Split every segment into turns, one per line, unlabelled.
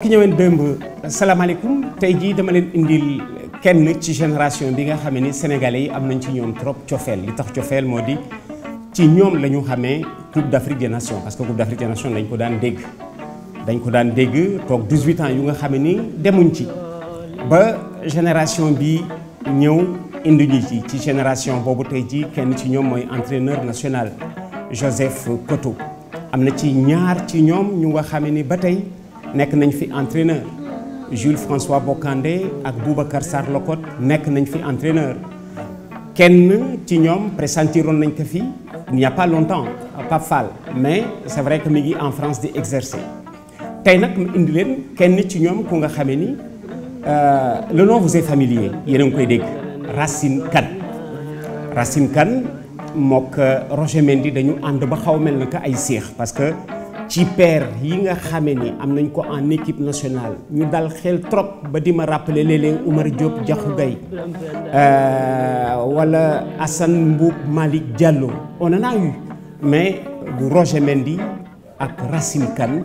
ki ñëween démb salaamaaleykum tey jii dama leen indi kenn ci génération bi nga xamee ni sénégalais yi am nañ ci ñoom trop cofeel li tax cofeel moo di ci ñoom la ñu xamee coupe d' de des nations parce que coupe d' afrique ko daan dégg dañ ko daan dégg toog 18 ans yu nga xamee ni demuñ ci ba génération bi ñëw indi ñu ci ci génération boobu tey ji kenn ci ñoom mooy entraîneur national Joseph Koto am na ci ñaar ci ñoom ñu nga xamee ni ba tey nekk nañ fi entraîneur Jules François Bocandé ak Boubacar Sarr Lokot nekk nañ fi entraîneur kenn ci ñoom pressentiroon nañ ko fi il n'y a pas longtemps Fall mais c'est vrai que mi ngi en France di exercer tey nag mu indi leen kenn ci ñoom ku nga xamee ni euh, le nom vous est familier yéen a ngi koy dégg Racine Kane Racine Kane mook euh, Roger Mendy dañu ànd ba xaw mel na ko ay séex ci paire yi nga xamee ni am nañ ko en équipe nationale ñu dal xeel trop ba di ma rappeler léeg-léeg Oumar Diop Diakhou Gaye euh, wala Assane Mboup Malick Diallo on en a eu mais bu Roger Mendy ak Racine Kane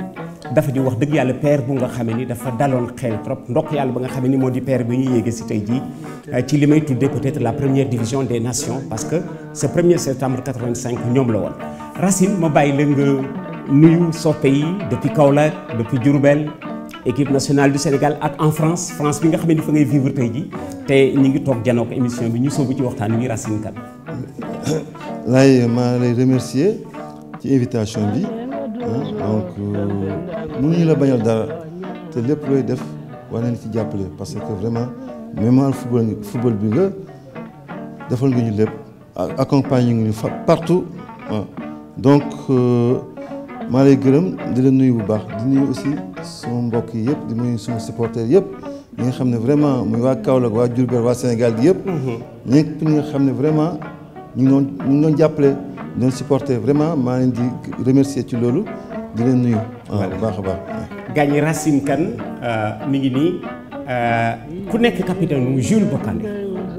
dafa di wax dëgg yàlla per bu nga xamee ni dafa daloon xeel trop ndox yàlla ba nga xamee ni moo di paire bi ñu yéegee si tey jii euh, ci li may tuddee peut-être la première division des nations parce que ce premier septembre 85 ñoom la woon Racine ma nga nuyu soppe yi depuis Kaolack depuis Diourbel équipe nationale du Sénégal ak en France France bi nga xam ne fa ngay vivre tey ji te ñu ngi toog janoo ko émission bi ñu soobu ci waxtaan wi Racine Kane.
laay maa lay remercier ci invitation bi ah, donc euh, mënuñu la bañal dara te lépp looy def war nañu ci jàppale parce que vraiment mémoire football football bi nga defal nga ñu lépp accompagner nga ñu fa partout ah. donc. Euh, maa lay gërëm di la nuyu bu baax di nuyu aussi sama mbokk yi yëpp di nuyu sama supporter yëpp ñi nga xam ne vraiment muy waa Kaolack waa Diourbel waa Sénégal gi yëpp mhm. ñi nga xam ne vraiment ñu ngi doon ñu ngi doon jàppale doon supporter vraiment maa leen di remercier ci loolu di leen nuyu waa bu baax a baax gaañ Racine Kane
euh, mi ngi nii euh, ku nekk capitaine mu Jules Bocandé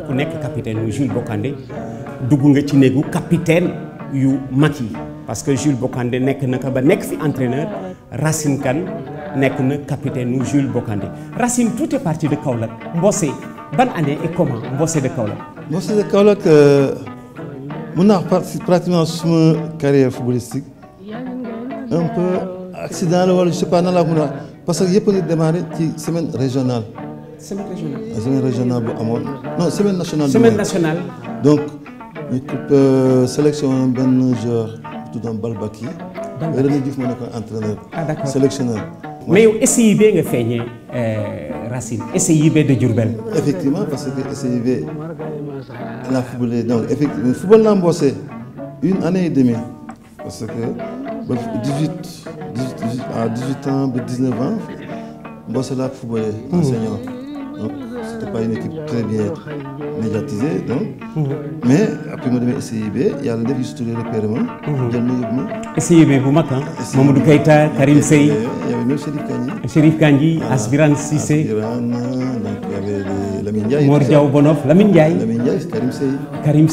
ku nekk capitaine mu Jules Bocandé dugg nga ci néegu capitaine yu mag yi parce que Jules Bocandé nekk na ko ba nekk fi entraîneur Racine Kane nekk na capitaine nu Jules Bocandé Racine tout est parti de Kaolack Mbossé ban année et comment Mbossé de Kaolack.
Mbossé de Kaolack euh, mun naa wax pratiquement suma carrière footballistique un peu accident la wala je sais parce que yëpp a ngi démarré ci semaine régionale.
semaine régionale
semaine régionale bu amoon non semaine nationale. nationale donc ñu euh, sélection benn joueur. tu doon Balbaki. Balbaki René Diouf ma nekkoon entraîneur. ah d'accord mais yow SIB nga feeñee euh, Racine
SIB de Diourbel.
effectivement parce que SIB la footballé donc effectivement football naa mboose une année et demie parce que ba 18 18 à 18 ans ba 19 ans mboose laa footballé c'était pas une équipe très bien médiatisée donc. Mhm. mais après ma demee SIB yàlla def yu suturee repéré ma. Mhm. jël ma yóbbu
ma. SIB bu mag ah. SIB Mamadou Keita Karim Sey. yow ñoom Chérif Kandji. Chérif ah, Bonof Lamine Ndiaye. Lamine Ndiaye Karim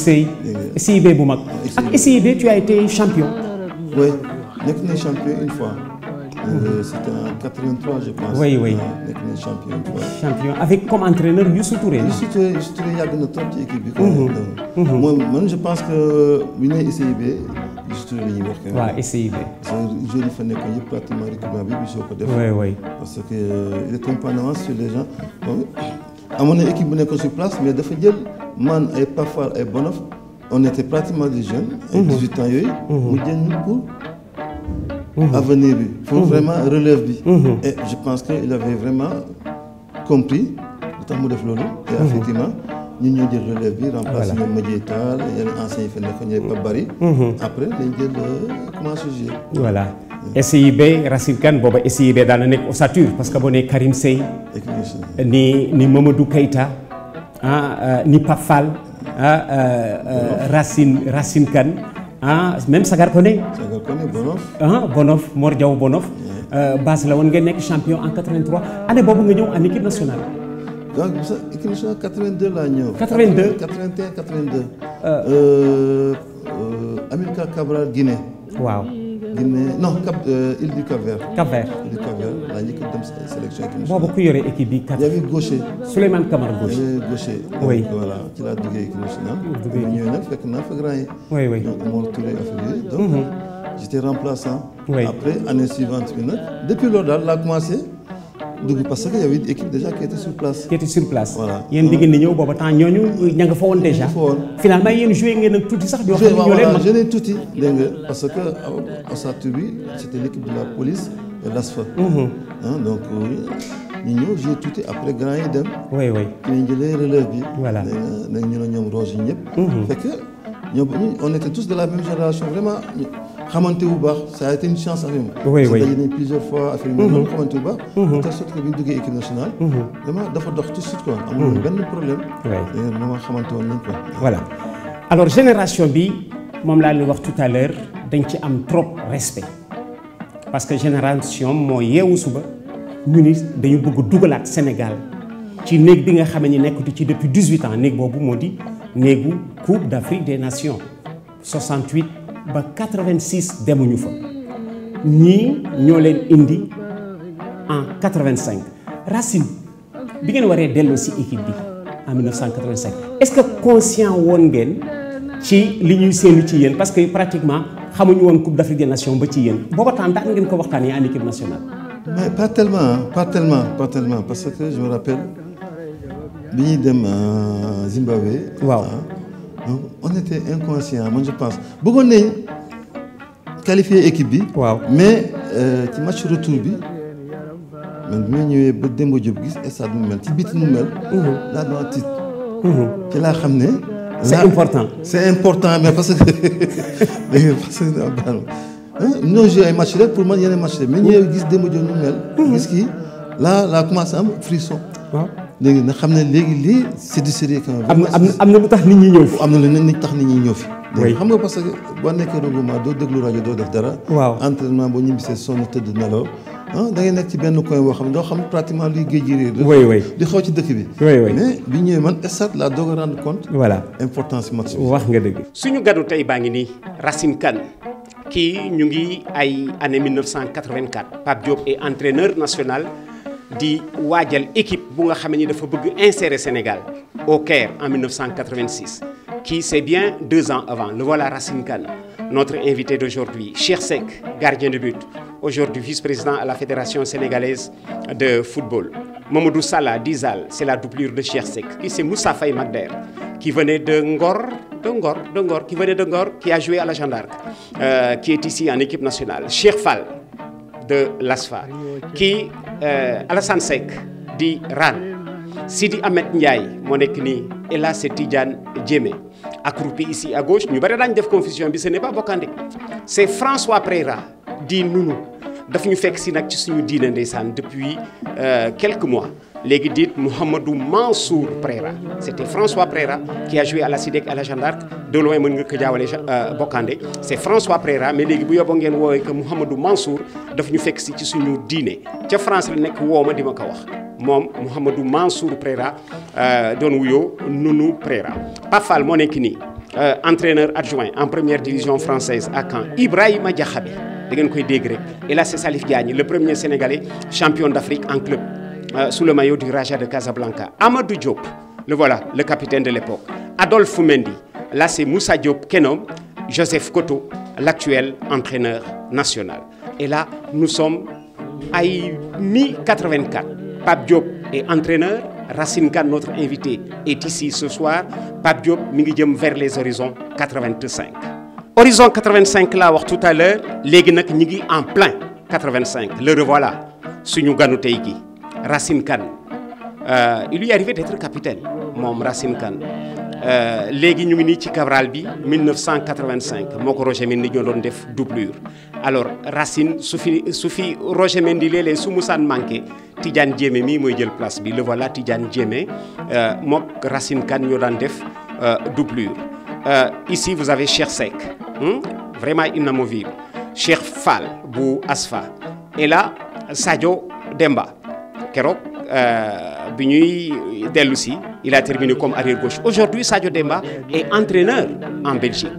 bu mag.
ak SIB tu as été champion. Euh, c'était en 83, je pense. Oui, oui. nekk euh, na champion. champion avec comme entraîneur Youssou Touré. Youssou Touré Youssou Touré yàgg na trop ci équipe bi. moom man je pense que bu ñu nee SIB Youssou Touré la ñuy wax. waaw SIB. joueurs yi fa nekkoon yëpp pratiquement recrutement bi soo ko def. oui oui. parce que euh, il était un peu en avance sur les gens bon amoon na équipe bu nekkoon sur place mais dafa jël man ay Pafal ay Bonof on était pratiquement des jeunes. ay 18 mhm. ans yooyu. Mhm. mu jël ñu pour. Mmh. avenir bi foofu mmh. vraiment relève bi mmh. et je pense que il avait vraiment compris lu tax mu def loolu et effectivement ñun ñoo jël relève bi remplacé ñoom Madié Tall yeneen anciens yi fa nekk ñooy pas bari après lañ jël euh, commencé jouer
voilà SIB Racine Kane booba SIB daan na nekk ossature parce que boo nee Karim Sey ni ni Mamadou Keita ah, euh, ni Pape Fall ah, euh, Racine Racine Kane ah même Sagar Koné.
Sagar Koné Bonof.
ah Bonof Mor Diaw Bonof. Euh, base la woon nga nekk champion en 83
année boobu nga ñëw en équipe nationale. donc sa équipe nationale 82 laa ñëw. 82 81 82. Amilcar Cabral Guinée. waaw. Guinée non Cap euh, île du Cap Vert. Cap Vert île du Cap Vert laa njëkk a dem sélection équipe nationale. boobu ku yore équipe bi kat. y avait Gaucher. Souleymane Camara Gaucher. y avait Gaucher. oui voilà ci laa duggee équipe nationale. duggee ñëw nag fekk naa fa grand yi. oui oui donc Mor Touré affaire donc mhm. j'étais remplaçant. oui après année suivante bi nag. depuis loolu daal laa commencé. dugg parce que y avait équipe déjà qui sur place. qui sur place. voilà yéen di ñëw booba temps ñooñu ña nga
déjà. finalement yéen joué ngeen ak tuuti sax. ñoo xam ne ñoo leen mag
joué tuuti. Mhm. donc euh, ñu ñëw joué tuuti après grand yi dem. oui oui ñu ne ñoom Roger ñëpp. Mhm. fekk ñoom de la même génération vraiment. xamante bu baax ça a été une chance avec moi. moom mhm. mhm. mhm. dafa dox tout de suite quoi. amul
voilà alors
génération
bi moom laa leen wax tout à dañ ci am trop respect parce que génération moo yeewu suba ñu ni bugg bëgg dugalaat Sénégal ci néeg bi nga xam ne nekkatu ci depuis 18 ans néeg boobu moo di néegu Coupe d'Afrique des Nations ba 86 demuñu fa ñii ñoo leen indi en 85 Racine bi ngeen waree delloo si équipe bi en 1985 est-ce que conscient woon ngeen ci li ñuy seenu ci yéen parce que pratiquement xamuñu woon Coupe d'Afrique des Nations ba ci yéen booba temps daan ngeen ko waxtaan yi équipe nationale. mais pas tellement pas
parce que je me rappelle bi ñuy dem euh, Zimbabwe. waaw. on était inconscient man je pense bëggoon nañ qualifier équipe bi. waaw mais euh, ci match retour bi man bi ma ñëwee ba Demba Diop gis stade mu mel ci biti mu mel. daa mhm. doon tiit. Mhm. ci la xam ne. c'est important c'est important mais parce que parce que non joué ay match rek pour man yeneen match rek mais ñëwee gis Demba Diop mu mel. Mhm. gis kii là laa commencé am frisson. léegi nag xam ne léegi lii c'est du sérieux quand am na am na lu tax nit ñi ñëw fi. am na lu tax nit ñi ñëw fi. xam nga parce que boo nekkee regroupement doo déglu rajo doo def dara. waaw entraînement boo ñibbisee sonn tëdd nelaw ah da ngay nekk ci benn coin boo xam ne doo xam pratiquement luy géej gi réer. oui oui di xaw ci dëkk bi. oui oui bi ñëwee man stade laa doog a rendre compte. voilà importance match bi. wax nga dëgg.
suñu ganu tey baa ngi nii Racine Kane kii ñu ngi ay année 1984 Pape Diop est entraîneur national. di waajal équipe bu nga xam ni dafa bëgg insérer Sénégal au Caire en 1986 qui c'est bien deux ans avant le voilà Racine Kane notre invité d'aujourd'hui Cheikh Seck gardien de but aujourd'hui vice-président à la Fédération sénégalaise de football Mamadou Sala Dizal c'est la doublure de Cheikh Seck qui c'est Moussa Faye Magder qui venait de Ngor de Ngor de Ngor qui venait de Ngor qui a joué à la Jeanne d'Arc euh, qui est ici en équipe nationale Cheikh Fall de l'ASFA kii euh, Alassane Seck di RAN Sidi Ahmed Ndiaye moo nekk nii et là c'est Tidiane Diémé accroupi ici à ñu bari daañu def confusion bi ce n'est pas Bocandé c'est François Preyra di Nounou daf ñu fekk si nag ci suñu diine ndeysaan depuis euh, quelque mois léegi diit Mouhamadou Mansour Préra c'était François Préra qui a joué à la CIDEC à la Jeanne d'Arc de loin mën nga ko jaawale euh, Bokandé c'est François Préra mais léegi bu yóbboo ngeen woowee que Mouhamadou Mansour daf ñu fekk si ci suñu diine ca France la nekk woo ma di ma ko wax moom Mouhamadou Mansour Préra euh, doon wuyoo Nounou Préra Pape Fall moo nekk nii euh, entraîneur adjoint en première division française à Caen a Diakhabe da ngeen koy dégg rek El Hadj Salif Diagne le premier sénégalais champion d'Afrique en club Euh, sous le maillot du Raja de Casablanca. Amadou Diop, le voilà, le capitaine de l'époque. Adolphe Mendy, là c'est Moussa Diop Kenom, Joseph Koto, l'actuel entraîneur national. Et là, nous sommes à mi-84. Pape Diop est entraîneur, Racine Khan, notre invité, est ici ce soir. mi ngi jëm vers les horizons 85. Horizon 85 laa wax tout à l'heure léegi nag ñi ngi en plein 85 le revoilà suñu ganu tey gi Racine Kane euh, il lui arrivait d'être capitaine moom Racine Kane euh, léegi ñu ngi nii ci Cabral bi 1985 moo ko Roger Mendy ñoo doon def doublure alors Racine su fi su fi Roger Mendy léeg su musaan manqué Tidiane Diémé mii mooy jël place bi le voilà Tidiane jéemé euh, mook Racine Kane ñoo daan def euh, doublure ici vous avez Cheikh Seck hmm? vraiment inamovible Cheikh Fall bu Asfa et là Sadio Demba keroog euh, bi ñuy dellu si il a terminé comme arrière gauche aujourd'hui Sadio Demba est entraîneur en Belgique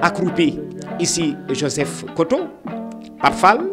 accroupi ici Joseph Koto Pape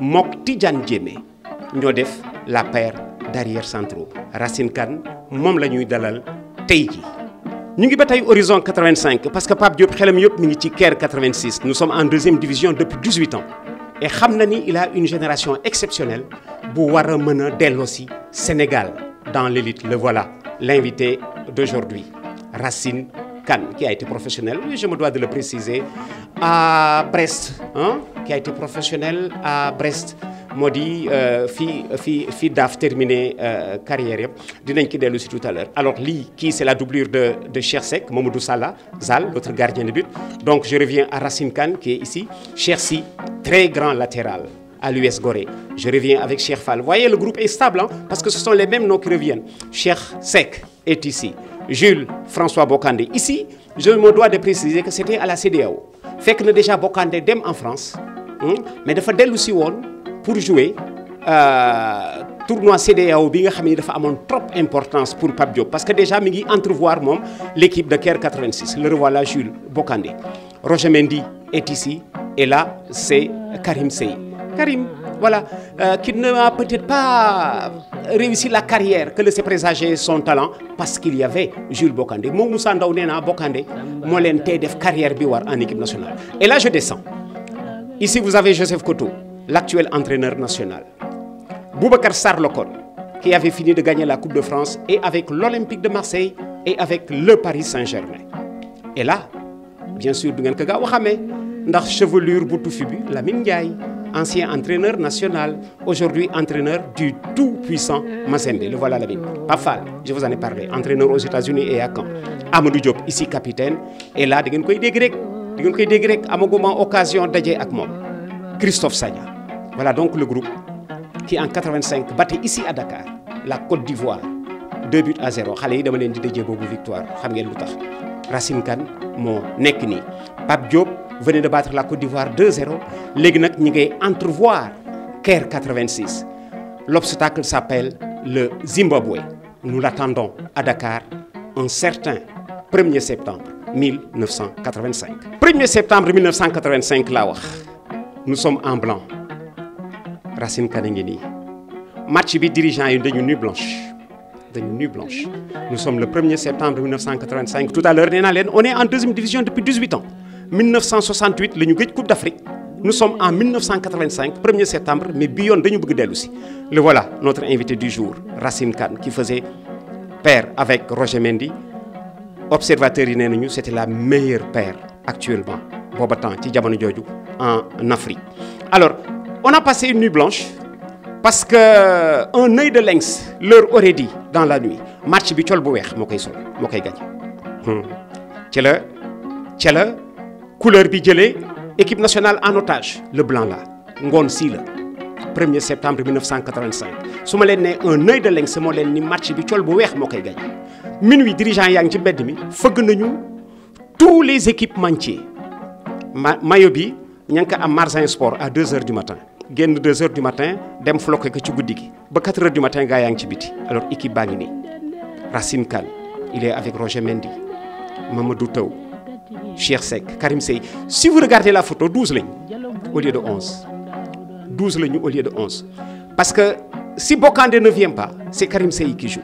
mook Tidiane Diémé ñoo def la paire d'arrière centraux Racine Kane moom la ñuy dalal tey ji ñu ngi ba tey horizon 85 parce que Pape Diop xelam yëpp mi ngi ci Caire 86 nous sommes en deuxième division depuis 18 ans et xam na ni il a une génération exceptionnelle bu war a mën a delloosi Sénégal dans l'élite le voilà l'invité d'aujourd'hui Racine Kane qui a été professionnel je me dois de le préciser a Brest hein, qui a été professionnel à Brest moo di euh, fii fii fii daaf terminé euh, carrière yëpp dinañ ki dellu si tout à l'heure alors lii kii c'est la doublure de de Cheikh Seck Mamadou Salla Zal l'autre gardien de but donc je reviens à Racine Kane qui est ici Cheikh Sy très grand latéral à l'US Gorée je reviens avec Cheikh Fall voyez le groupe est stable parce que ce sont les mêmes noms qui reviennent Cheikh Seck est ici Jules François Bocandé je me dois de préciser que c'était à la CEDEAO fekk na déjà Bokandé dem en France hmm, mais dafa dellu si woon pour jouer euh, tournoi CEDEAO bi nga xam ne dafa amoon trop importance pour Pape Diop parce que déjà mi ngi entrevoir moom l'équipe de Caire 86 le revoilà Jules Bokandé Roger Mendy est ici et là c'est Karim Sey Karim voilà euh, qui ne pas réussi la carrière que laissait présager son talent parce qu'il y avait Jules Bocandé moom Moussa Ndaw nee naa Bocandé def carrière bi war en équipe nationale. et là je descends ici vous avez Joseph Koto l'actuel entraîneur national Boubacar Sarr Lokon qui avait fini de gagner la Coupe de France et avec l'Olympique de Marseille et avec le Paris Saint-Germain et là bien sûr du ngeen ko gaaw a ndax chevelure bu tufi bi Lamine Ndiaye. ancien entraîneur national, aujourd'hui entraîneur du tout-puissant Massende. Le voilà la vie. Pafal, je vous en ai parlé, entraîneur aux États-Unis et à Caen. Amadou Diop, ici capitaine. Et là, vous pouvez dégrer. Vous pouvez dégrer. Amogoma, occasion d'aider avec moi. Christophe Sagna. Voilà donc le groupe qui, en 85, ici à Dakar la Côte d'Ivoire. 2 buts à 0. Xalé yi dama leen di déjé bobu victoire. Xam ngeen lutax. Racine Kane moo nekk nii Pape Diop venait de battre la Côte d'Ivoire 2-0 léegi nag ñi ngay entrevoir Caire 86 l'obstacle s'appelle le Zimbabwe nous l'attendons à Dakar un certain 1er septembre 1985 septembre 1985 laa nous sommes en blanc Racine Kane ngi nii match bi dirigeant yi dañu nuit blanche dañu nuit blanche nous sommes le 1er septembre 1985 tout à l'heure nee naa leen on est en deuxième division depuis 18 ans 1968 la ñu gëj Coupe d'Afrique nous sommes en 1985 1er septembre mais bi yoon dañu bëgg dellu si le voilà notre invité du jour Racine Kane qui faisait pair avec Roger Mendy observateurs yi nee nañu c'était la meilleure paire actuellement booba temps ci jamono jooju en Afrique alors on a passé une nuit blanche parce que euh, un œil de lynx leur aurait dit dans la nuit match bi col bu weex moo koy sol moo koy gagné hmm. ci couleur bi jëlee équipe nationale en otage le blanc là ngoon sii la 1er septembre 1985 su ma leen nee un œil de lynx leen ni match bi col bu weex moo koy gañ minuit dirigeant yaa ngi ci mbedd mi fëgg nañu tous les équipementiers ma mayo bi ña ngi ko am Marzin Sport à 2 heures du matin génn 2 heures du matin dem floqué ko ci guddi gi ba 4 heures du matin gaa yaa ngi ci biti alors équipe baa ngi nii Racine Kane il est avec Roger Mendy Mamadou Taw Cheikh Seck Karim Sey si vous regardez la photo 12 lañu au lieu de 11 12 lañu au lieu de 11 parce que si Bokandé ne pa pas c'est Karim Sey qui joue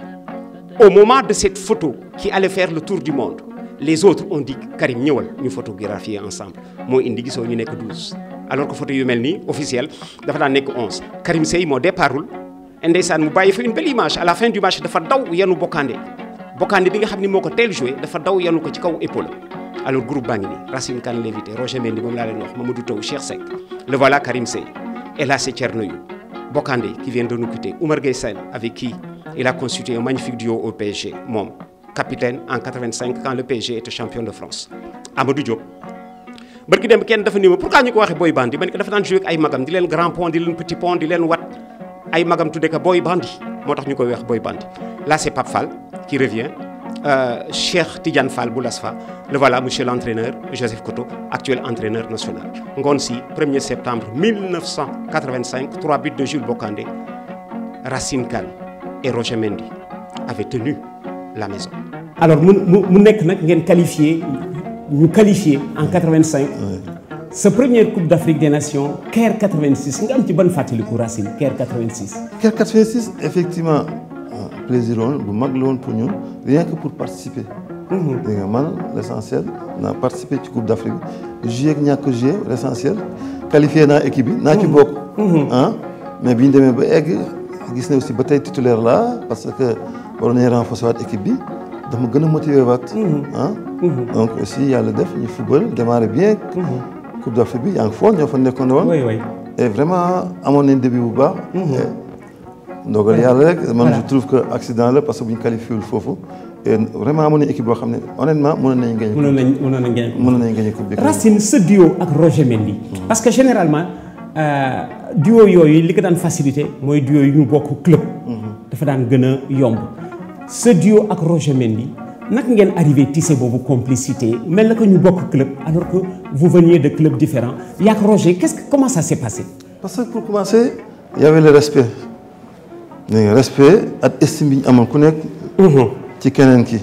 au moment de cette photo qui allait faire le tour du monde les autres ont dit Karim ñëwal ñu photographier ensemble moo indi gisoo ñu nekk 12 alors que photo yu mel nii officiel dafa daan nekk 11 Karim Sey moo départul ndeysaan mu bàyyi fa une belle image à la fin du match dafa daw yanu Bokandé Bokandé bi nga xam ni moo ko teel joué dafa daw yanu ko ci kaw épaule alors groupe baa ngi nii Racine Kane Lévité Roger Mendy moom laa leen wax Mamadou Taw Cheikh Seck le voilà Karim Sey et là c'est Thierno Yu Bokandé qui vient de nous quitter Oumar avec qui il a constitué un magnifique duo au PSG moom capitaine en 85 quand le PSG était champion de France Amadou Diop bërki dem kenn dafa ni ma pourquoi ñu ko waxee boy bandi ma ne ko dafa daan joué ay magam di leen grand pont di leen di leen wat ay magam tu ko boy bandi moo tax ñu koy wax boy bandi là c'est Pape Euh, Cheikh Tidiane Fall Boulasfa le voilà monsieur l'entraîneur Joseph Koto actuel entraîneur national ngoon si 1er septembre 1985 trois de Jules Bocandé Racine Kane et Roger Mendy avaient tenu la maison alors mu mu nekk nag ngeen qualifié ñu qualifié en 85 sa première coupe d'Afrique des nations Caire
86 nga am ci ban fàttaliku Racine Caire 86 Caire 86 effectivement plaisir woon bu mag la woon pour ñun rien que pour participer. Mhm. dégg nga man l' essentiel naa participer ci Coupe d' Afrique jouer ak ñàkk a jouer l' essentiel qualifié naa bi. naa ci mhm. bokk. Mhm. Ah, mais bi ñu demee ba egg gis ne aussi ba tey titulaire laa parce que waroon nañu renforcer waat équipe bi dama gën a motiver waat. ah donc aussi yàlla def ñu football démarrer bien. Coupe d' Afrique bi yaa ngi foofu ñoo fa nekkoon woon. et vraiment amoon nañ début bu baax. ndogal yàlla rek man je trouve que accident la parce que bu ñu qualifié wul foofu vraiment mu ne équipe boo xam ne honnêtement mënoon nañu gagné. mënoon nañu mënoon nañu gagné mënoon nañu gagné coupe Racine sa duo ak Roger Mendy. Hmm. parce que généralement
euh, duo yooyu li ko daan facilité mooy duo yu ñu bokk club. Hmm. dafa daan gën a yomb. sa duo ak Roger Mendy naka ngeen arrivé tissé boobu complicité mel na que ñu bokk club alors que vous veniez de clubs différents yaa ak Roger qu'est-ce que comment ça s'est passé.
parce que pour commencer respect ak estime bi ñu amoon ku nekk. Mhm. ci keneen ki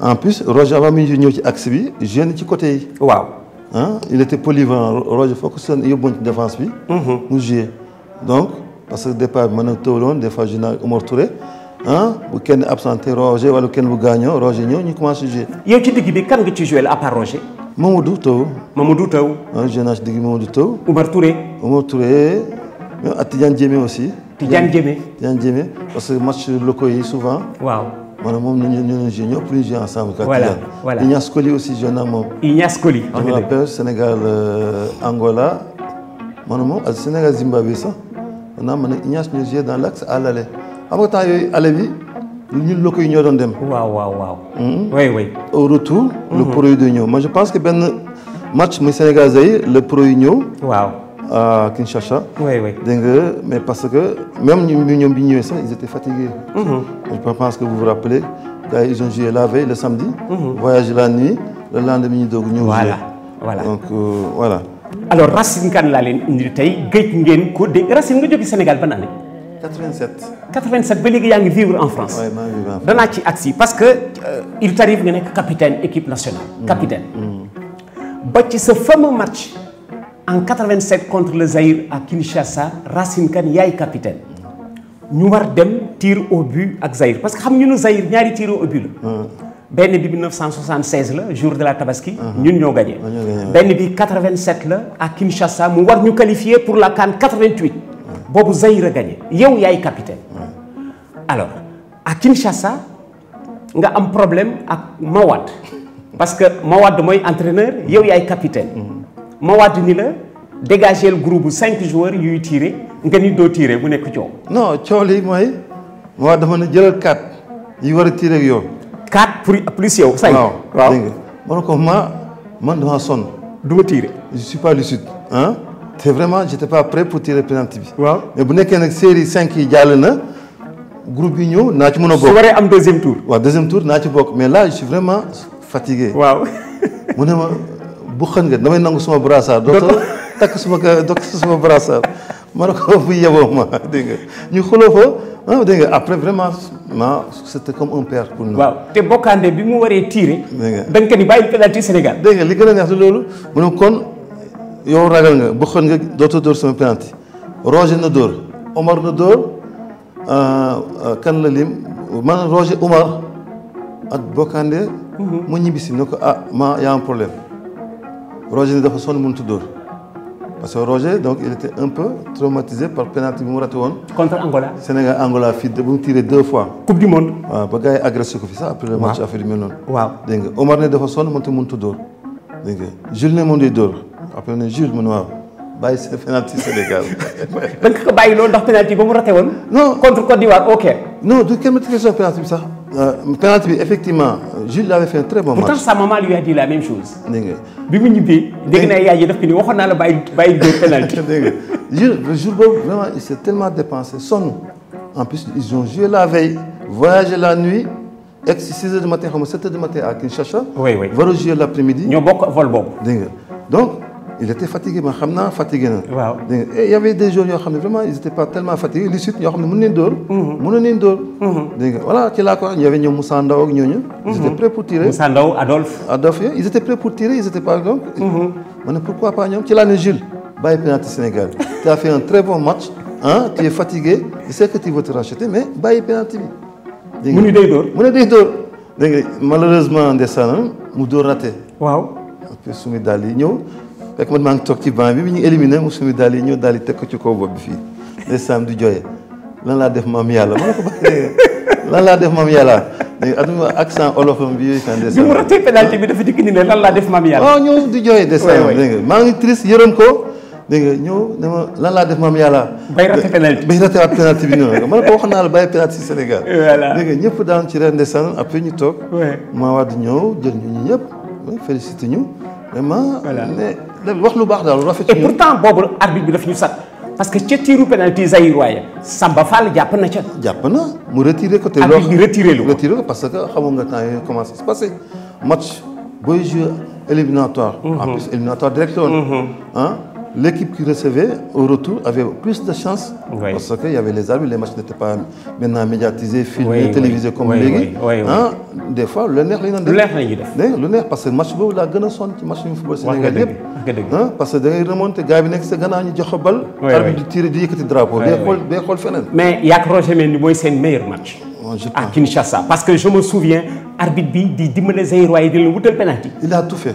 en plus Roger avant mi ñëw ci axe bi jeune ci côté yi. waaw ah il était polyvalent Roger fokk seen yóbbuwoon ci défense bi. Mhm. mu joué donc parce que départ bi mën na tëwloon des fois je naan Omar Touré ah bu kenn absenté Roger wala kenn bu gaañoo Roger ñëw ñu commencé joué. yow ci digg bi kan nga ci joué la à part Roger. Mamadou Taw. Mamadou Taw. ah jeune âge digg Mamadou Taw. Omar Touré. Omar Touré même Atidiane Diémé aussi. Tidiane Diémé Tidiane Diémé parce que match locaux souvent. waaw maanaam moom ñu ñu ñu joué ñëpp ñu joué ensemble. voilà voilà Ignace Coly aussi joué naa moom. Ignace Coly Sénégal euh, Angola maanaam moom Sénégal Zimbabwe sax maanaam man ak Ignace ñu joué dans l'axe à l'aller xam nga temps yooyu aller bi ñun locaux yi ñoo doon dem. waaw waaw waaw. Hmm? oui oui. au retour. le hmm. pro yi doon ñëw man je pense que benn match muy Sénégal Zaïre le pro yi ñëw. waaw. à Kinshasa. oui oui parce que même ñu ñoom bi ñëwee sax ils étaient fatigués. Mhm. je pense que vous vous rappelez gars ils ont joué la veille le samedi. Mhm. voyagé la nuit le lendemain ñu doog ñëw. voilà voilà
euh, Racine Kane laa tey géej ngeen ko Racine nga jóge Sénégal ban année.
87.
ba léegi yaa ngi vivre en France. danaa ci agsi parce que euh, il t'arrive nga nekk capitaine équipe nationale. Mm. capitaine. Mm. ba ci sa fameux match. en 87 contre le Zaïre à Kinshasa Racine Kane yaay capitaine ñu war dem tir au but ak Zaïre parce que xam ñu ne Zaïre ñaari tir au but la. benn bi la jour de la tabaski. ñun ñoo gagné. benn bi 87 la à Kinshasa mu war ñu qualifier pour la CAN boobu Zaïre a gagné yow yaay capitaine. alors à Kinshasa nga am problème ak Mawad parce que Mawad mooy entraîneur yow yaay capitaine. Mawad ni la dégagé le groupe bu cinq
joueurs yuy tiire nga ni doo tiire bu nekk coow. non coow lii mooy Mawad dafa na jëlal quatre yi war a tiire ak yow. quatre pour yow. cinq waaw waaw dégg man dama sonn. du ma tiire. je suis pas lucide ah. te vraiment j'étais pas prêt bi. waaw mais bu nekkee nag série cinq yi jàll na. groupe yi ñëw naa ci mën a bokk su waree am deuxième tour. waaw deuxième tour naa ci bokk mais là suis vraiment fatigué. waaw mu ne ma. bu xën nga damay nangu suma brassard dootoo takk suma dootoo suma brassard ma ne ko bu yeboo ma dégg ñu xuloo fa ah dégg nga après vraiment ma c'était comme un père pour nous. te bokkaande bi mu waree tiire. da nga ko ni Sénégal. dégg nga li gën a neex loolu mu ne kon yow ragal nga bu xën nga dootoo dóor sama penalty Roger na dóor Omar na dóor ah, ah, kan la lim man Roger Omar ak bokkande mhm. mu ñibbisi ne ko ah ma y a problème. Roger ni dafa sonn mënut a parce que Roger il était un peu traumatisé par penalty bi contre Angola. Sénégal Angola fii bu mu deux fois. coupe du monde. waaw ah, ba gars fi sax après le match affaire yu Omar ne dafa sonn mënut a mënut ne moom day dóor après ne Jules Sénégal. da nga ko bàyyi loolu non contre Côte d'Ivoire ok. non du kenn ma tëjee sa penalty bi sax. Euh, penalty bi effectivement Jules avait fait un très bon match. pourtant
sa maman lui a dit la même
chose. dégg nga bi mu ñibbee. dégg naa yaay ji daf ko ni waxoon naa la bàyyi bàyyi dóor penalty. dégg nga Jules le jour boobu vraiment il s'est tellement dépensé sonn en plus ils ont joué la veille voyagé la nuit. egg si 6 heures du matin xam nga 7 heures du matin à Kinshasa. oui oui war a jouer l'après-midi. ñoo bokk vol boobu. dégg nga donc. il était fatigué ba xam naa fatigué na. waaw dégg nga eh, y avait des jours yoo xam ne vraiment ils étaient pas tellement fatigués li suite yoo xam ne mën nañ dóor. Mhm. mënoon nañ dóor. Mhm. dégg nga voilà ci laa ko y avait ñoom Moussa Ndaw ak ñooñu. ils mhm. étaient prêts pour tirer Moussa Ndaw Adolphe. Adolphe ils étaient prêts pour tirer ils étaient pas donc. ma te racheter mais bàyyi penalty bi. mu ne day dóor su ma di ñëw. fekk man maa ngi toog ci banc bi bi ñu éliminé mu sumi daal yi ñëw daal di ko ci kaw bopp bi fii ndeysaan di jooye lan laa def maam yàlla ma ne ko bàyyi laa def maam yàlla at ma accent olofam bi yooyu kan ndeysaan bi ni ne laa def maam yàlla waaw ah, ñëw maa ngi triste yërëm ko dégg nga ñëw ne ma lan laa def maam yàlla bay raté pénalti bay raté waat bi noonu ma ne ko wax naa la bàyyi pénalti Sénégal dégg nga ñëpp daan ci ren ndeysaan après ñu toog maa waat di ñëw jël ñu ñëpp félicité ñu vraiment wax lu baax daal rafet et pourtant boobu arbitre bi daf ñu sat parce que
ca tiiru penalty Zahir waaye Samba Fall jàpp na ca. jàpp na mu retiré ko te. arbitre bi retiré lu ko
retiré ko parce que xamoon nga temps yii commencé se passer match booy joué éliminatoire. Mm-hmm. en plus éliminatoire direct la woon. Mm-hmm. l'équipe qui recevait au retour avait plus de chance oui. parce qu'il y avait les arbitres, les matchs n'étaient pas maintenant médiatisés, filmés, oui, télévisés oui, comme léegi ah des fois lu neex la ñu doon def lu neex parce que match boobu laa gën a sonn ci match yu football Sénégal yëpp ah parce que da ngay remonté gars bi nekk sa gannaaw ñu jox bal arbitre di tiré di yëkkati drapeau day xool day xool feneen
mais yaak Roger Mendy mooy seen meilleur match à Kinshasa parce que je me souviens arbitre bi di dimbale Zaïrois yi di leen wutal penalty il a tout fait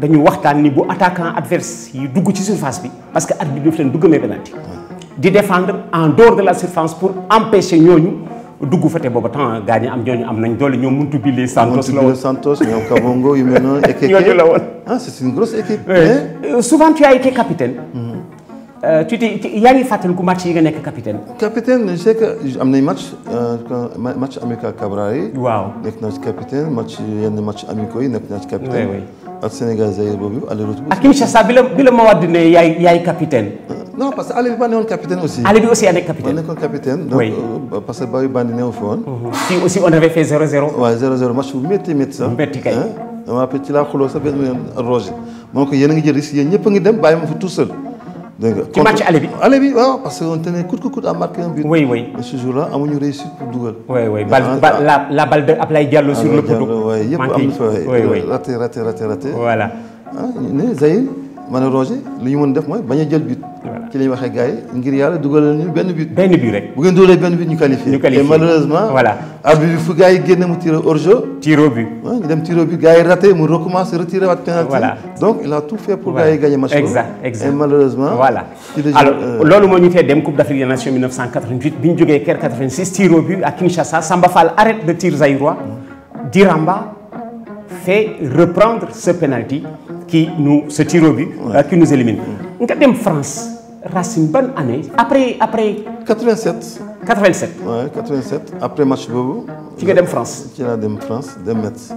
dañu waxtaan ni bu attaque adverse yi dugg ci surface bi parce que arbitre bi daf leen dugg mee penalty di défendre en dehors la surface pour empêcher ñooñu dugg fa te booba temps ñi am ñooñu am nañ doole ñoom muntu bi les Santos la woon Santos
ñoom Kabongo yu mel noonu ñooñu la woon ah c'est une euh, mhm. euh, yi nga nekk capitaine. capitaine am nañ match euh, match amical Cabral yi. waaw nekk naa ci capitaine match yenn match amicaux yi nekk naa ci capitaine. ak Sénégal Zaïre boobu aller retour. ak Kinshasa bi la bi la ne yaay capitaine. Euh, non parce que bi bandi woon capitaine aussi. bi aussi a nekk capitaine. ma nekkoon capitaine. donc euh, parce que Baye bandi fi woon. fii mhm. aussi on avait fait 0-0. waaw bu métti métti sax. métti kay ah. damaa ci laa xuloo sax benn Roger. ma ne ko yéen a ngi jël risque yéen ñëpp a dem bàyyi ma fa tout dégg nga ci match aller bi aller bi waaw parce que on tenait coûte que coûte à marquer un but. oui oui mais ce jour-là amuñu réussite pour dugal. oui oui balle la la balle de Ablaye Diallo sur le poteau. manqué yëpp am na fa euh, raté raté raté raté. voilà ah Zahir. man ne Roger li ñu def mooy bañ jël but. ci la ñu waxee gars yi ngir yàlla dugalal ñu benn but. benn but rek bu ngeen dugalee benn but ñu qualifié. ñu malheureusement. voilà arbitre bi fu gars yi génne mu tiré hors jeu. tir au but. waaw ñu dem tir au but gars yi raté mu recommencé retiré waat penalty. voilà donc il a tout fait pour gars yi gagné exact exact
malheureusement. Euh, loolu moo ñu fee dem Coupe d'Afrique des Nations 1988 bi ñu jógee Caire 86 tir au but ak Kinshasa Samba Fall arrête fait reprendre ce penalty qui nous ce tir au but ouais. euh, qui nous élimine
nga dem France Racine ban année après après 87 87 ouais 87 après match boobu ci nga dem France ci laa dem France dem Metz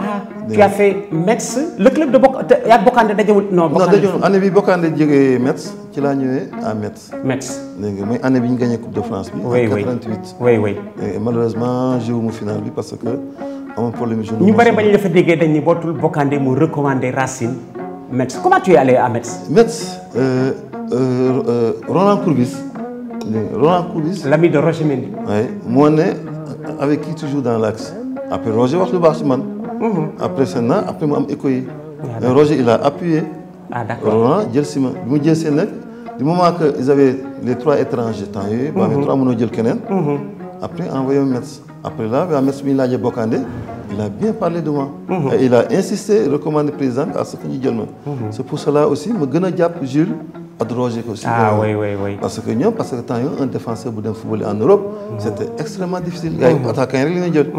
ah, tu as fait Metz le club de Bok yaa Bokande dajewul non dajewul année bi Bokande jógee Metz ci laa ñëwee à Metz Metz dégg nga mooy année bi ñu gagné Coupe de France bi en 88 oui oui malheureusement joué mu bi parce que amoon problème je ñu bëri ba ñu dafa déggee dañ
ni bootul Bocandé mu recommandé Racine Metz comment tu es allé à Metz.
Metz euh, euh, euh, Roland Courbis. Roland Courbis. l'ami de Roger Mendy. oui avec qui toujours dans l'axe après Roger wax lu baax ci man. Mhm. après seen après mu am écho Roger il a appuyé. Ah, Roland jël si ma mu jël seen nag du moment que ils avaient les trois étrangers temps yii. boo xam trois mënoo jël keneen. Mhm. Après, envoyé au médecin. Après là, le médecin il a Bokandé, il a bien parlé de moi. Mmh. Et il a insisté, recommandé le président à ce que nous mmh. C'est pour cela aussi, je suis Diap Jules Adroger aussi. Ah oui, oui, oui. Parce que nous, parce que tant un défenseur pour football en Europe, mmh. c'était extrêmement difficile. Il y a eu attaquant, mhm.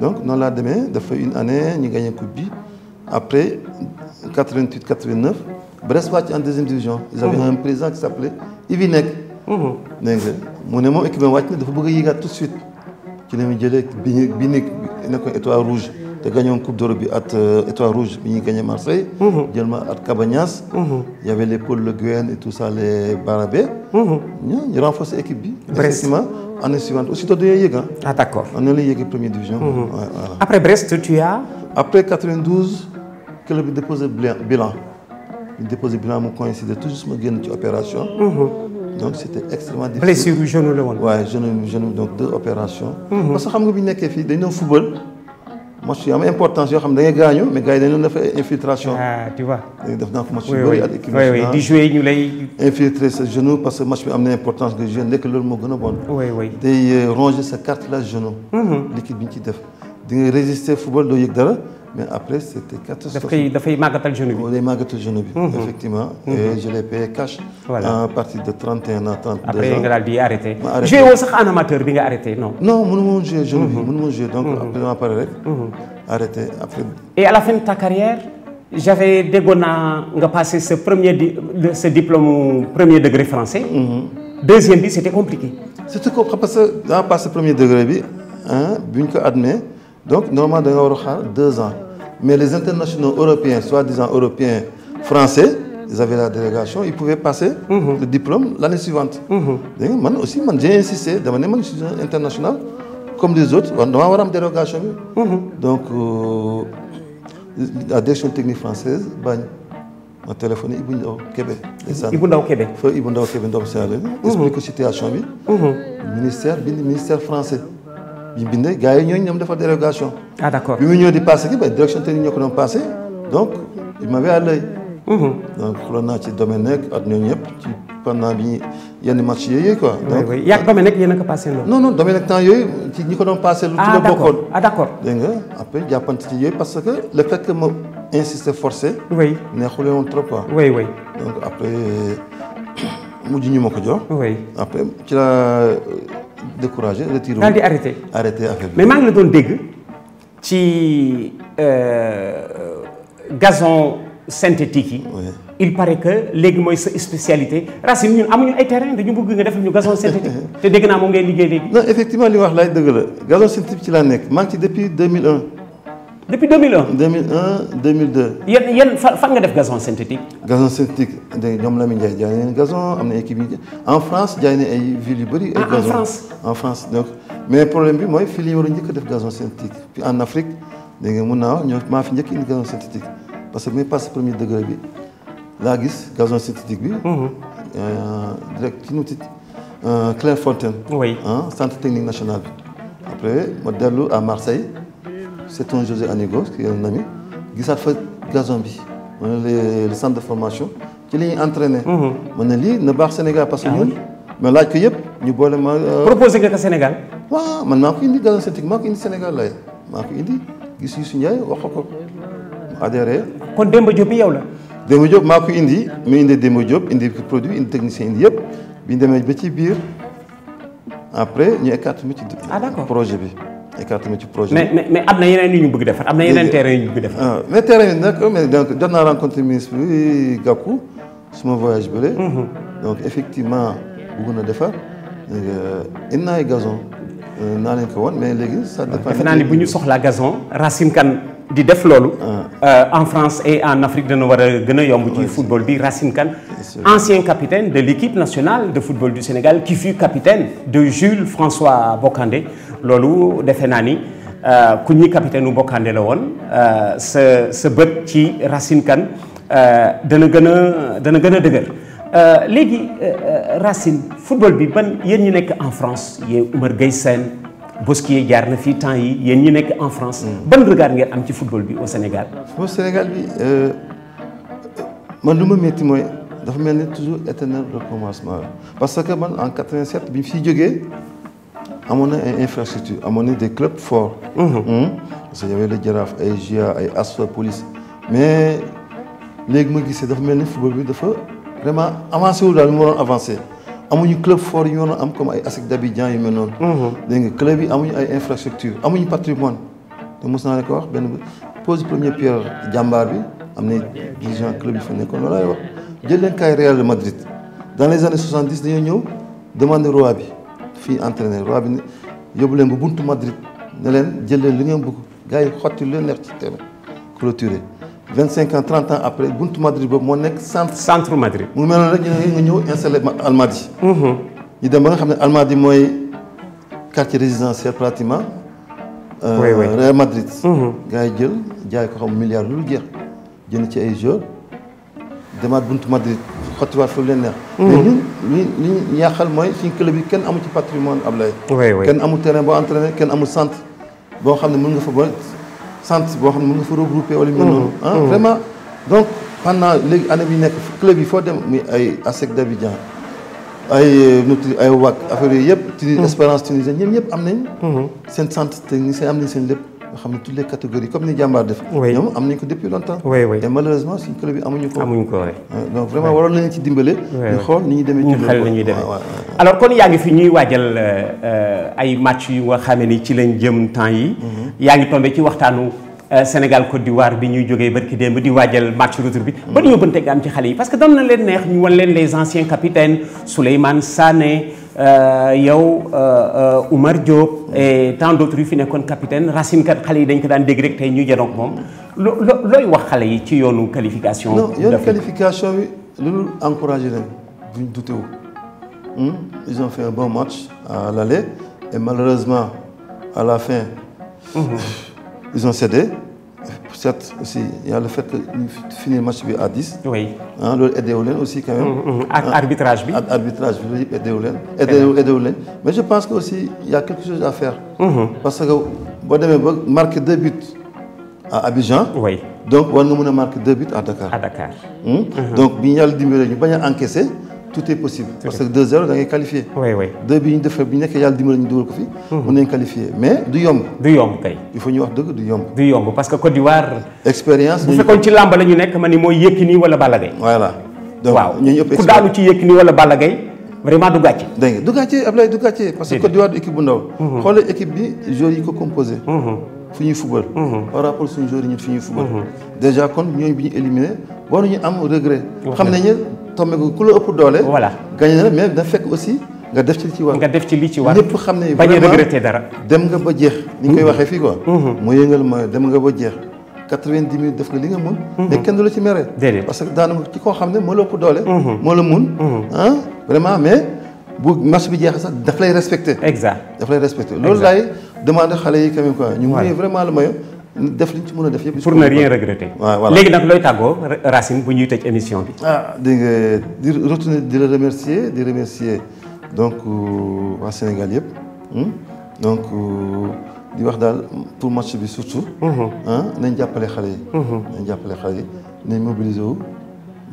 Donc, nous, là, demain, il fait une année, nous gagnons Coupe Après, 88-89, Brest en deuxième division. Ils avaient mhm. un président qui s'appelait Ivinek. dégg nga mu ne moom équipe wàcc na dafa bëgg a yéegaat tout de suite ci la ñu jëlee bi ñu bi ñu rouge te gagnoon coupe d'Europe bi at euh, étoile rouge bi ñuy gagné Marseille. jël ma at Cabañas. y avait les Paul Le Guen et tout ça les Barabé. ñu ñu renforcer équipe bi. Brest effectivement année suivante aussitôt dañoo yéeg ah. ah d' accord dañoo lay yéegee première division. voilà Brest tu as. après 92 bi déposé bilan bilan ñu déposé bilan mu coïncider tout juste ma génn ci opération. donc c' était extrêmement difficile. blessure yu genou la woon. waaw genou genou donc deux opérations. Mhm. parce que xam nga bi ñu importance yoo xam ne da ngay gaañoo mais gars yi dañu doon def infiltration. ah tu vois. parce que match bi am na importance que jeune nekk loolu moo gën a bon. oui oui day euh, ronger sa cartilage genou. Mhm. liquide bi def di nga résister football doo mais après c'était catastrophique. dafay dafay màggatal genou bi. day màggatal genou bi. Mhm. effectivement. et mhm. je l'ai payé cash. voilà à partir de 31 ans 32 ans. après nga daal di arrêté. ma arrêté joué woo sax en amateur bi nga arrêté non. non mënu ma woon joué genou bi mhm. mënu ma woon joué donc après ma pare rek. arrêté après.
et à la fin de ta carrière. j'avais déggoon naa nga passé sa premier di sa
diplôme premier degré français. deuxième bi c'était compliqué. c'était compliqué parce que daa passé premier degré bi ah bu ñu ko admet. donc normalement da nga war a xaar deux ans mais les internationaux européens soi-disant européens français ils avaient la délégation ils pouvaient passer mm -hmm. le diplôme l'année suivante mhm. dégg nga man aussi man j'ai insisté dama ne man suis international comme les autres wa damaa war a am dérogation bi mhm. donc euh, la direction technique française bañ ma téléphoné Ibou Ndaw Kébé. Ibou Ndaw Kébé. fa Ibou Ndaw Kébé Ndom Saalum. Mhm. explique ko situation bi. ministère bi ministère français. ñu bindee gars yi ñooñu ñoom dafa dérogation. ah d'accord bi mu ñëw di passé gi ba direction technique ñoo ko doon passé donc il m'avait à l'œil. donc xooloon naa ci domaine nekk ak ñooñu ci pendant bi yenn match yooyu quoi. a ko passé noonu. Ah, ah, d'accord dégg après jàppante ci yooyu parce que le fait que ma insister forcé. oui neexule trop quoi. oui oui donc après mujj ñu ma ko jox. découragé retiré daal di arrêté arrêté affaire bi mais ngi
la doon dégg ci euh, gazon synthétique yi. il paraît que léegi mooy sa spécialité Racine ñun amuñu ay terrain dañu bëgg nga def ñu gazon synthétique. te dégg naa moom ngay liggéey léegi. non
effectivement li wax laay dëgg la gazon synthétique ci laa nekk maa ngi ci depuis depuis 2001 2001 2002. yéen yéen fan fan nga def gazon synthétique. gazon synthétique dégg ñoom Lamine Ndiaye jaay nañu gazon am na équipe yi en France jaay na ay villes yu bëri. ay ah, gazon en France donc. mais problème bi mooy fii la a njëkk a def gazon synthétique puis en Afrique dégg nga mun naa wax maa fi njëkk indi gazon synthétique parce que bu ñu passé premier degré bi laa gis gazon synthétique bi. Mhm. Euh, direct ci nutit euh, Clairefontaine. oui ah, technique national bi. après ma dellu Marseille. c'est un José Anigos qui est gisaat fa gazon bi ma ne le centre de formation ci li ñuy entraîné. ma mhm. ne lii na baax Sénégal parce que ah ma laaj ko yëpp ñu boole ma. Euh, proposé nga ko Sénégal. waaw man maa ko indi gazon synthétique maa ko indi Sénégal lay wax ko kon Demba Diop bi yow la. Demba Diop maa indi mu indi Demba Diop indi produit indi technicien indi yëpp bi ñu demee ba ci biir après ñu écarté mu ci. ah projet bi. écarté ma ci projet mais mais mais am na
yeneen yu ñu bëgg defar am na yeneen terrain yu ñu bëgg
defar. Ah, mais terrain yi nag mais donc jot naa rencontré ministre bi Gakou suma voyage bële. Mhm. donc effectivement euh, euh, bu ñu
soxlaa gazon Racine Kane di def loolu. Ah. Euh, en France et en Afrique dana war a gën a yomb ci football bi Racine Kane. ancien capitaine de l' nationale de football du Sénégal qui fut capitaine de Jules François Bocandé. loolu defe naa ni euh, ku ñi capitaine u bokkaande la woon euh, sa sa bët ci Racine Kane euh, dana gën a dana gën a dëgër léegi Racine football bi ban yéen ñi nekk en France yee Oumar Gueye Sène Bosquier jaar na fii temps yi yéen ñi nekk en France hmm. ban regard ngeen am ci football bi au
Sénégal au bi man lu ma métti mooy dafa mel ni toujours éternel recommencement parce que man en 87 bi mu fiy jógee amoon na ay infrastructure amoon na des clubs forts. Mhm. Hmm? parce que y avait le mais léegi ma gisee dafa mel ni football bi dafa vraiment avancé wu daal li avancé amuñu club fort yu ñu waroon am comme ay ASEC d'Abidjan yu mel noonu. Mhm. dégg nga club yi amuñu ay infrastructure amuñu patrimoine te mos naa la ko wax benn pose première pierre jàmbaar bi am na dirigeant club yi fa nekkoon loolu jël leen kaay Real de Madrid dans les années 70 dañoo ñëw demande roi bi. fii entraîneur roi bi ne yóbbu leen ba buntu Madrid ne leen jël leen li ngeen bëgg gars yi xotti lu neex ci terrain clôturé vingt après buntu Madrid boobu moo nekk centre. Madrid. mu mel rek ñu nga ñëw installé Almadi. Mhm. ñu dem ba nga xam ne Almadi mooy quartier résidentiel pratiquement. Euh, oui oui Real Madrid. Mhm. gars yi jël jaay ko xam milliard lu dul jeex jënd ci ay joueurs demaat buntu Madrid. xottiwaat fu leen neex. Mm. mais ñun li li ñu yàqal mooy suñ club yi kenn amul ci patrimoine Ablaye. oui kenn amul terrain boo entraîné kenn amul centre boo xam ne mën nga fa ba centre boo xam ne mën nga fa regroupé wala ñu mel mm. noonu. ah vraiment donc pendant léegi année bi nekk club yi foo dem muy ay ASEC d'Abidjan ay euh, nutri ay WAC affaire yooyu yëpp. Espérance tunisienne ñoom ñëpp am nañ. Mm-hmm. seen centre technique seen am nañ seen lépp. nga xam ne toutes les catégories comme ni jàmbaar def ñoom am nañ ko malheureusement suñu club yi amuñu ko amuñu ko ah, donc vraiment waroon nañu dimbale ñu xool ni ñuy demee ci xel nañuy kon yaa ngi fi ñuy waajal euh, ay
match yu nga xamee ni ci lañ jëm temps yi mhm. yaa ngi tombé ci waxtaanu euh, Sénégal Côte d'Ivoire bi ñuy jógee barki démb di waajal match retour bi ban mhm. yóbbante nga am ci xale yi parce que doon na leen neex ñu wan leen anciens capitaines Souleymane Sané Euh, yow euh, euh, Umar Diop et tant d'autres yu fi nekkoon capitaine Racine kat xale yi dañ ko daan dégg rek tey ñu janoog moom looy wax xale yi ci yoonu qualification. non yoonu
qualification bi lu dul encouragé leen duñ douté wu. Hmm? ils ont fait un bon match à l'aller et malheureusement à la fin. Mhm. ils ont cédé. certes aussi il y a le fait que ñu finir match bi à 10. oui ah loolu aidé wu leen aussi quand même. Mm, mm, mm. ak arbitrage bi. ak arbitrage bi loolu yëpp aidé wu leen. aidé wu aidé wu leen mais je pense que aussi il y a quelque chose à faire. Mm-hmm. parce que boo demee ba marqué deux buts à Abidjan. oui donc war nga mën a marqué deux buts à Dakar. à Dakar. Mm-hmm. donc bi ñu yàlla dimbalee ñu bañ a encaisser. tout est possible parce que 2-0 da ngay qualifié. oui deux bi ñu defee bi ñu nekkee yàlla dimbali ñu dugal ko fi. Mhm. mën nañu qualifié mais du yomb. du yomb kay. il faut ñu wax dëgg du yomb. du yomb parce que Côte d'Ivoire. expérience bu ci làmb la nekk ma ni mooy Yékini wala Balla Gaye. voilà donc ñooñu ëpp ku daanu ci Yékini wala Balla Gaye vraiment du gàcce. dégg du gàcce parce que Côte d'Ivoire du équipe bu ndaw. Mhm. xoolee équipe bi joueurs yi tombé ko ku la ëpp doole. voilà na mais da fekk aussi nga def ci li ci war. nga def ci li ci war ñëpp xam ne. bañ a regretté dara dem nga ba jeex. ni ñu koy mhm. waxee fii quoi. Mhm. mu yëngal ma dem nga ba jeex. 90 minutes def nga li nga mun. Mhm. mais kenn du ci mere. parce que daanaka ci koo xam ne moo la ëpp doole. moo la mun. ah vraiment mais bu match bi jeex sax daf lay respecté. exact daf lay respecté loolu laay demandé xale yi quand même quoi. ñu muy vraiment le maillot. def liñ ci mën a def yëpp. pour ne rien regretter. waaw léegi nag looy tàggoo Racine bu ñuy tëj émission bi. Ah, di retourner di la remercier di remercier donc euh, waa Sénégal yëpp hmm? donc euh, di wax daal pour match bi surtout. Mm-hmm. nañ jàppale xale yi. Mm-hmm. nañ jàppale xale yi nañ mobiliser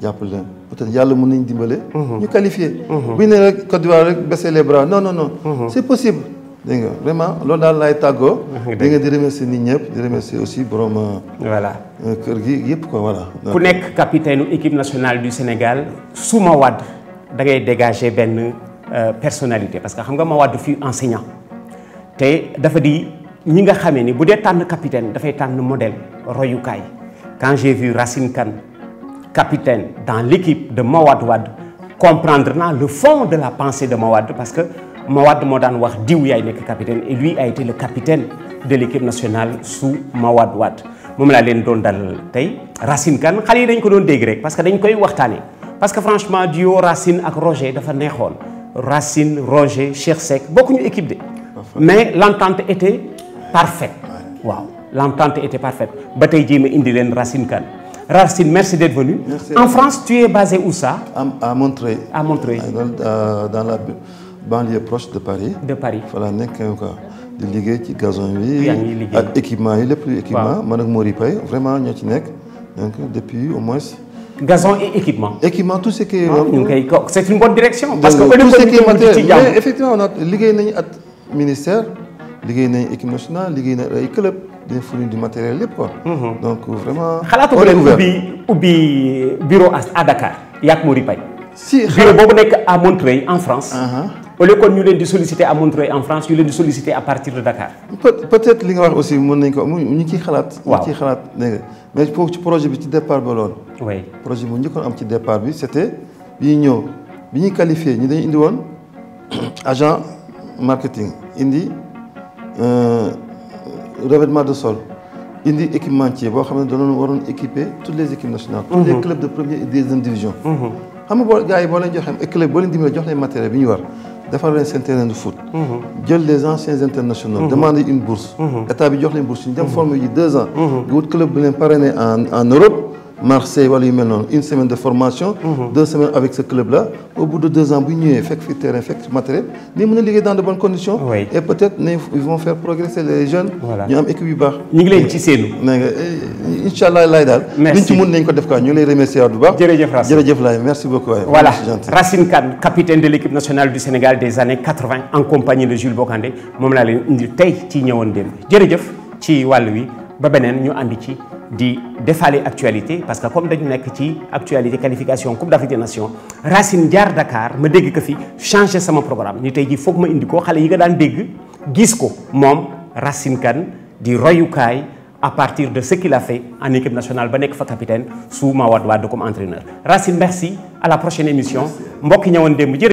jàppale leen peut yàlla mën nañ dimbale. Mm-hmm. ñu qualifier. bu ñu nee rek Côte rek baisser les bras non non non. c'est possible. dégg nga vraiment loolu daal laay tàggoo. di nga aussi borom. Euh, voilà euh, kër gi yëpp
nekk capitaine équipe nationale du Sénégal su ma wàdd benn euh, personnalité parce que xam nga ma wàdd fii enseignant te dafa di ñi nga xamee ni bu dee tànn capitaine dafay tànn modèle royukaay quand j'ai vu Racine Kane capitaine dans l'équipe de Mawad Wad comprendre naa le fond de la pensée de Mawad parce que. Mawad moo daan wax diw yaay nekk capitaine et lui a été le capitaine de l'équipe nationale sous Mawad Wade moom laa leen doon dal tey Racine Kane xale yi dañ ko doon dégg rek parce que dañ koy waxtaanee parce que franchement duo Racine ak Roger dafa neexoon Racine Roger Cheikh Seck bokkuñu équipe de mais l'entente était parfaite waaw l'entente était parfaite ba tey jii indi leen Racine Kane Racine merci d'être venu en France tu es basé où montr
à euh, banlieue proche de Paris. de Paris voilà nekk quoi di liggéey ci gazon bi. ak équipement yi lépp équipement. man Mori Paye vraiment ñoo ci nekk depuis au moins. gazon et équipement. équipement tout ce qui est. Ah, une bonne direction. parce que tout ce qui est matériel mais effectivement a équipe nationale liggéey nañu ay club dañu matériel lépp quoi. Mm-hmm. donc vraiment. xalaatu Dakar yaa Mori Paye. si
bureau boobu nekk à Montreuil en France. Uh-huh. au lieu kon ñu leen di solliciter à Montreuil en France ñu leen di solliciter à partir de Dakar.
peut être li nga wax aussi mën nañ ko mu ñu ciy xalaat. waaw ñu ciy xalaat dégg mais foofu ci projet bi ci départ ba loolu. oui projet bu njëkkoon am ci départ bi c'était bi ñuy ñëw bi ñuy qualifié ñu dañu indi woon agent marketing indi euh, revêtement de sol. indi équipementier boo xam ne danoon waroon équiper toutes les équipes nationales. tous les mhm. clubs de première et deuxième division. Mhm. jox leen matériel bi ñu war. defar leen seen terrain de mhm. jël les anciens internationaux. Mhm. demander une bourse. Mhm. état bi jox leen bourse ñu dem former yi deux ans. nga wut club bi en Europe. Marseille wala yu mel noonu une semaine de formation. Mhm. deux semaines avec ce club là au bout de deux ans bu ñu ñëwee fekk fi terrain fekk matériel ni mën a liggéey dans de bonnes conditions. et peut être ne ils vont faire progresser les jeunes. ñu am équipe yu baax. leen ci séenu. Euh, na nga daal. merci ci mën nañ ko def quoi ñu lay remercier waat bu baax. jërëjëf merci beaucoup. waay
Racine Kane capitaine de l' nationale du Sénégal des années 80 di defaale actualité parce que comme dañu nekk ci actualité qualification coupe d'Afrique des nations Racine jaar Dakar ma dégg ko fi changé sama programme ni tey jii foog ma indi ko xale yi nga daan dégg gis ko moom Racine kan di royukaay à partir de ce qu'il a fait en équipe nationale ba nekk fa capitaine sous Mawade Wade comme entraîneur Racine merci à la prochaine émission mbokki ñëwoon démb jërë